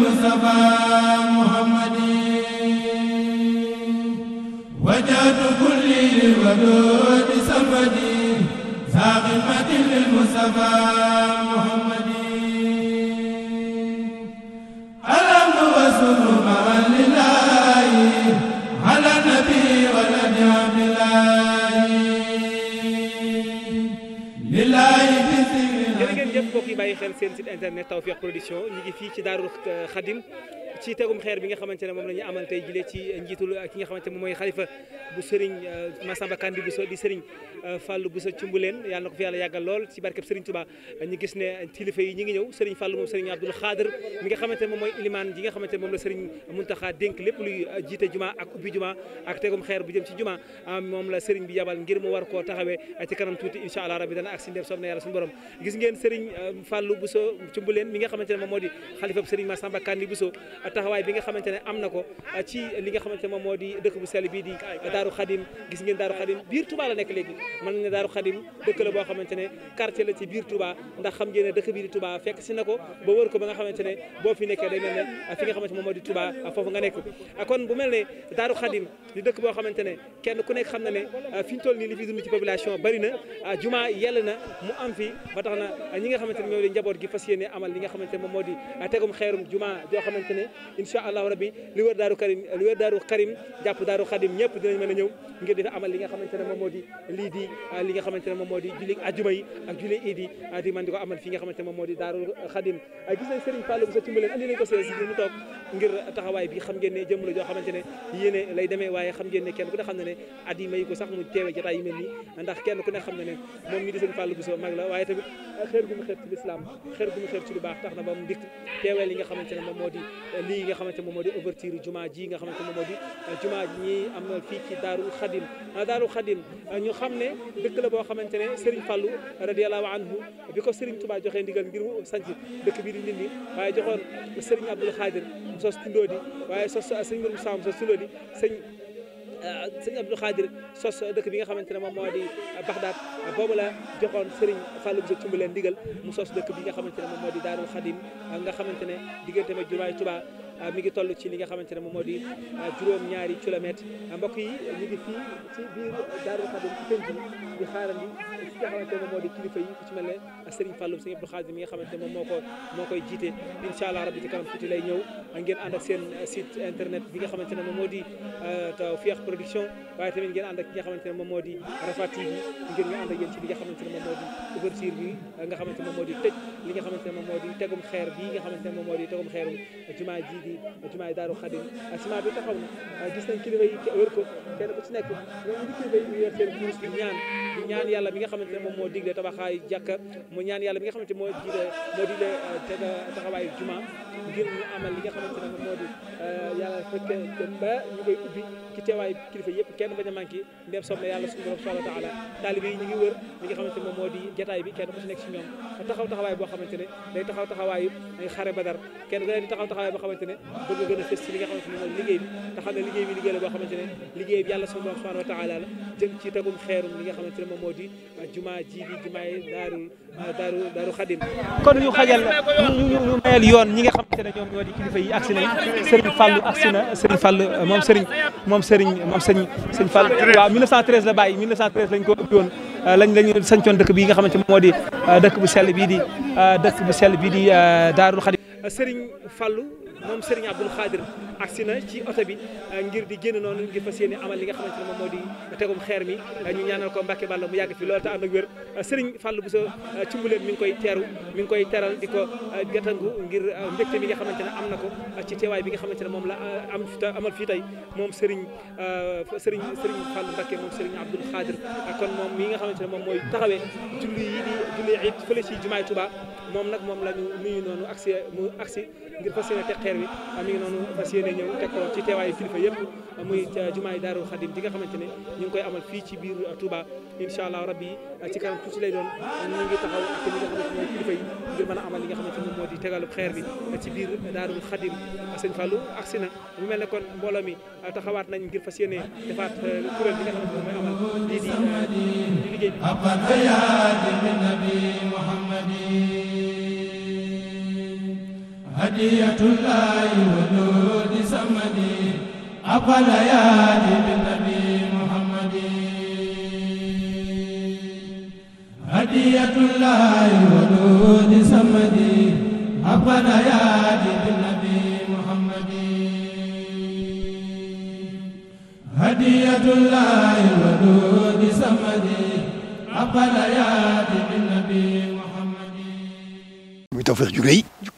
للمصطفى jërë ngeen jëf mbokk yi bàyyi xel seen site internet Tawfekh Production ñu ngi fii ci Daaru Xadim ci tegum xeer bi nga xamante ne moom la ñu amal tey jile ci njiitul euh, ki nga xamante bu sëriñ euh, Massamba Kandi Bousso di sëriñ euh, Fallou Bousso Cumbuleen yàlla na ngi ñëw sëriñ Fallou moom sëriñ Abdoul Khadir nga xamante ne moom mooy ilimaan ji nga moom la sëriñ Muntaxa dénk xeer bu jëm ci juma ah, moom la sëriñ bi yabal ngir mu war koo taxawee ci kanam tuuti incha allah rabbi dana ak si ndem Cumbuleen mi nga xamante ne moom moo di xalifa bu sëriñ Massamba Kandi Bousso taxawaay bi nga xamante ne am na ko ah, ci li nga xamante ne moom moo di dëkk bu sell bii di ah, daaru xadim gis ngeen daaru xadim biir Touba la nekk léegi mën nañ ne daaru xadim dëkk la boo xamante ne quartier la ci biir tubaa ndax xam ngeen ne dëkk bii tubaa Touba fekk si na ko ba wër ko ba nga xamante ne boo fi nekkee day mel ne ah, fi nga xamante ne moom moo di Touba foofu nga nekk kon bu mel ne daaru xadim di dëkk boo xamante ne kenn ku nekk xam na ne fi ñu toll nii li fi dund ci population bari na juma yell na mu am fi ba tax na ñi nga xamante ne ñoo njaboot gi fas yéene amal li nga xamante ne moom moo di tegum xeerum juma joo xamante ne incha allahu rabi lu wër daaru karim lu wër xadim ñëpp dinañ mën a ñëw ngir dina amal li nga xamante ne moom moo di lii ah, nga xamante ne moom moo di julli ajuma yi ak julli idi ah, di man amal fii nga xamante ne moom moo di daaru xadim ah, gis nañ Serigne Fallou Moussa Timbaleen andi nañ ko sees mu toog ngir taxawaay bi xam ngeen ne jëm la joo xamante ne yéene lay demee waaye xam ngeen ne kenn ne xam ne ne at yi mayu ko sax mu teewe jotaay yu mel nii ndax ne xam ne ne moom mi di Serigne Fallou Moussa mag la waaye tamit xeer gu mu li nga xamante ne moom moo di lii nga xamante moom moo di ouverture juma ji nga xamante moom moo di euh, juma ji ñi am fii ci daarul xadim euh, daarul xadim euh, ñu xam ne dëkk la boo xamante ne Serigne Fallou radiallahu anhu bi ko Serigne Touba joxee ndigal ngir mu sanc dëkk bii di Ndindi waaye joxoon Serigne Abdoul Khadir mu sos tundoo di waaye sos sëñ Moussa mu sos tundoo di sëñ Euh, sëñ Abdou Khadir sos dëkk bi nga xamante ne moom moo di Baxdaat boobu la joxoon Serigne Fallou Bisa Cumba leen ndigal mu sos dëkk bi nga xamante ne moom moo di Daarul Xadim nga xamante ne diggante ma jumaay Tuubaa Euh, mi ngi toll ci li nga xamante ne moom moo di euh, ñaari kilomètre euh, mbokk yi ñu ngi fii ci biir Daaru Xadim ci penc di ci nga xamante ne moom moo di ku ci mel ne Serigne Falloum mi nga xamante ne moom moo ko moo koy jiite incha allah rabbi ci kanam tuuti lay ñëw ngeen ànd ak seen site internet bi nga xamante ne moom moo di Tawfekh Production waaye tamit ngeen ànd ak nga xamante ne moom moo di Rafah TV ngeen nga ànd ak yéen xamante ne moom bi nga xamante ne moo di li nga xamante ne moom moo di tegum xeer bi nga xamante ne moom moo di tegum xeeru jumaa ji bii jumaay daaru xadim ciment bi taxaw na gis nañ kilifa yi wër ko kenn ku ci nekk bi nga xamante ne moom moo digle tabaxaayu ay mu ñaan yàlla bi nga xamante ne moo digle moo euh, juma ngir ñu amal moo di euh, yàlla fekk ba ñu koy ubbi ci teewaayu kilifa yëpp kenn bañ a manqué ndem soble yàlla suñu borom subhanahu wa taala taalibe yi ñu ngi ne moom moo di jataay bi kenn ku ci nekk ci ñoom taxaw taxawaay boo xamante ne day taxaw taxawaayu xare badar kenn ku ne di taxaw taxawaay boo xamante ne bëgg a a fës ci li nga xamante ne mooy liggéey bi te xam ne liggéey bi liggéey la boo xamante ne liggéey bi yàlla suñu borom subhanahu wa taala la jëm ci tegum xeerum bi jumaay daaru daaru daaru xadim kon ñu xajal ñu ñu yoon ñi nga xamante ne ñoom ñoo di kilifa yi agsi nañ Serigne Fallou agsi moom Serigne moom Serigne moom Serigne Serigne Fallou la bàyyi 1913 ko euh, euh, dëkk bu sell bii di euh, dëkk bu sell bii di daarul xadim Serigne Fallou moom Serigne Abdoul Khadir agsi na ci oto bi euh, ngir di génn noonu ngir fas yéene amal li nga xamante moom moo di tegum xeer mi euh, ko Mbacke Balla mu yàgg fi loolu te ànd ak wér euh, Serigne Fallou Bousso Cumbuleen mi koy teeru mi ngi koy teral ko ngir mbégte mi nga xamante ne am na ko ci teewaay bi nga xamante ne moom la am amal fii tey moom Serigne Serigne Serigne Fallou Mbacke moom Serigne Abdoul Khadir kon moom mi nga mooy taxawee julli yi di julli it fële jumaay Touba moom nag moom la ñu nuyu noonu agsi mu agsi ngir fas yéene weer wi mi ngi noonu fas yéene ñëw teg ko ci teewaayu kilifa yëpp muy jumaay daaru xadim di ne ñu ngi koy amal fii ci biir Touba incha allah rabbi yi a amal li nga xamante ne moo di tegalu xeer ci biir daaru xadim sëñ Fallou aksi na mu mel ne kon mbooloo mi taxawaat nañ ngir fas yéene defaat kuréel bi nga xamante ne mooy amal lii di liggéey bi tahiyyatullahi wa duudi samadi abala yaadi bi nabi muhammadi tahiyyatullahi wa duudi samadi abala yaadi bi nabi muhammadi tahiyyatullahi wa duudi samadi abala yaadi bi nabi muhammadi muy tawfeex ju rëy